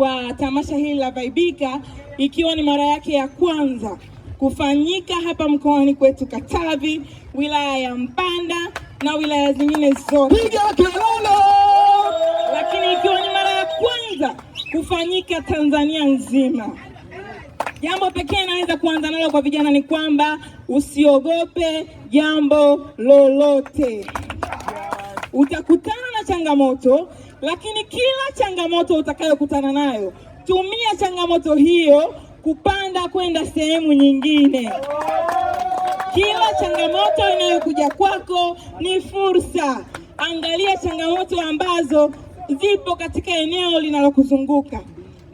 kwa tamasha hili la Vaibika, ikiwa ni mara yake ya kwanza kufanyika hapa mkoani kwetu Katavi, wilaya ya Mpanda na wilaya zingine zote, lakini ikiwa ni mara ya kwanza kufanyika Tanzania nzima. Jambo pekee naweza kuanza nalo kwa vijana ni kwamba usiogope jambo lolote. Utakutana na changamoto, lakini kila changamoto utakayokutana nayo, tumia changamoto hiyo kupanda kwenda sehemu nyingine. Kila changamoto inayokuja kwako ni fursa. Angalia changamoto ambazo zipo katika eneo linalokuzunguka.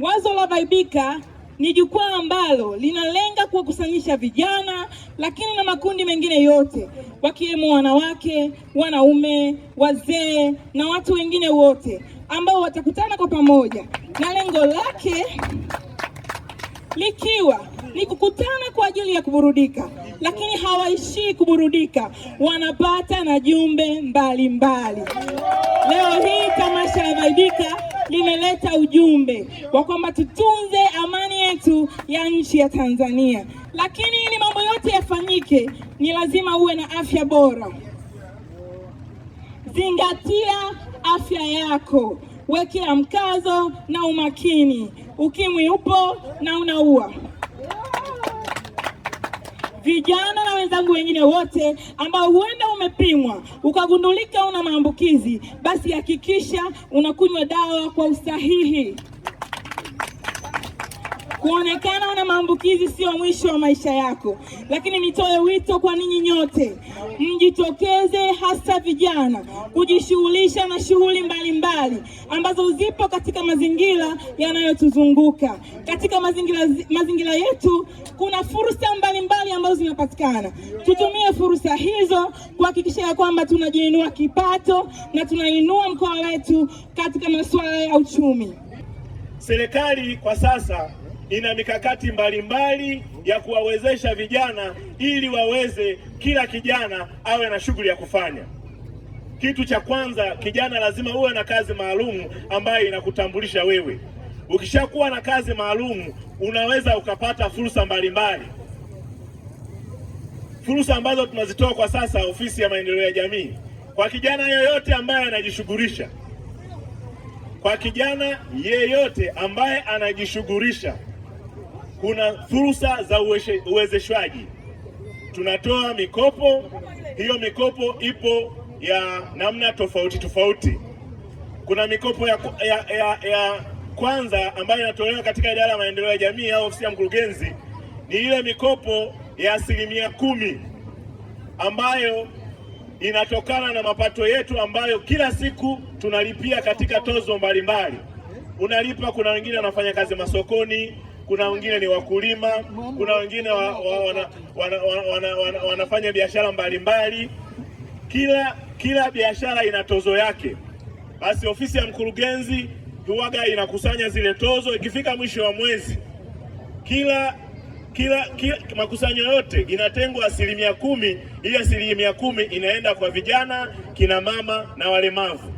Wazo la Vaibika ni jukwaa ambalo linalenga kuwakusanyisha vijana, lakini na makundi mengine yote, wakiwemo wanawake, wanaume, wazee na watu wengine wote ambao watakutana kwa pamoja na lengo lake likiwa ni kukutana kwa ajili ya kuburudika, lakini hawaishii kuburudika, wanapata na jumbe mbalimbali. Leo hii tamasha la Vaibika limeleta ujumbe wa kwamba tutunze amani yetu ya nchi ya Tanzania, lakini ili mambo yote yafanyike, ni lazima uwe na afya bora. Zingatia afya yako wekea mkazo na umakini. Ukimwi upo na unaua. Vijana na wenzangu wengine wote ambao huenda umepimwa ukagundulika una maambukizi, basi hakikisha unakunywa dawa kwa usahihi. Kuonekana una maambukizi sio mwisho wa maisha yako, lakini nitoe wito kwa ninyi nyote, mjitokeze, hasa vijana, kujishughulisha na shughuli mbalimbali ambazo zipo katika mazingira yanayotuzunguka. Katika mazingira, mazingira yetu kuna fursa mbalimbali ambazo zinapatikana. Tutumie fursa hizo kuhakikisha ya kwamba tunajiinua kipato na tunainua mkoa wetu katika masuala ya uchumi. Serikali kwa sasa ina mikakati mbalimbali ya kuwawezesha vijana ili waweze, kila kijana awe na shughuli ya kufanya. Kitu cha kwanza, kijana lazima uwe na kazi maalum ambayo inakutambulisha wewe. Ukishakuwa na kazi maalum, unaweza ukapata fursa mbalimbali, fursa ambazo tunazitoa kwa sasa ofisi ya maendeleo ya jamii kwa kijana yoyote ambaye anajishughulisha kwa kijana yeyote ambaye anajishughulisha kuna fursa za uwezeshwaji. Tunatoa mikopo, hiyo mikopo ipo ya namna tofauti tofauti. Kuna mikopo ya, ya, ya, ya kwanza ambayo inatolewa katika idara ya maendeleo ya jamii au ofisi ya mkurugenzi, ni ile mikopo ya asilimia kumi ambayo inatokana na mapato yetu ambayo kila siku tunalipia katika tozo mbalimbali. Unalipa, kuna wengine wanafanya kazi masokoni kuna wengine ni wakulima, kuna wengine wa, wa, wana, wana, wana, wana, wanafanya biashara mbalimbali. Kila kila biashara ina tozo yake. Basi ofisi ya mkurugenzi huwaga inakusanya zile tozo, ikifika mwisho wa mwezi kila kila, kila makusanyo yote inatengwa asilimia kumi. ili asilimia kumi inaenda kwa vijana, kina mama na walemavu.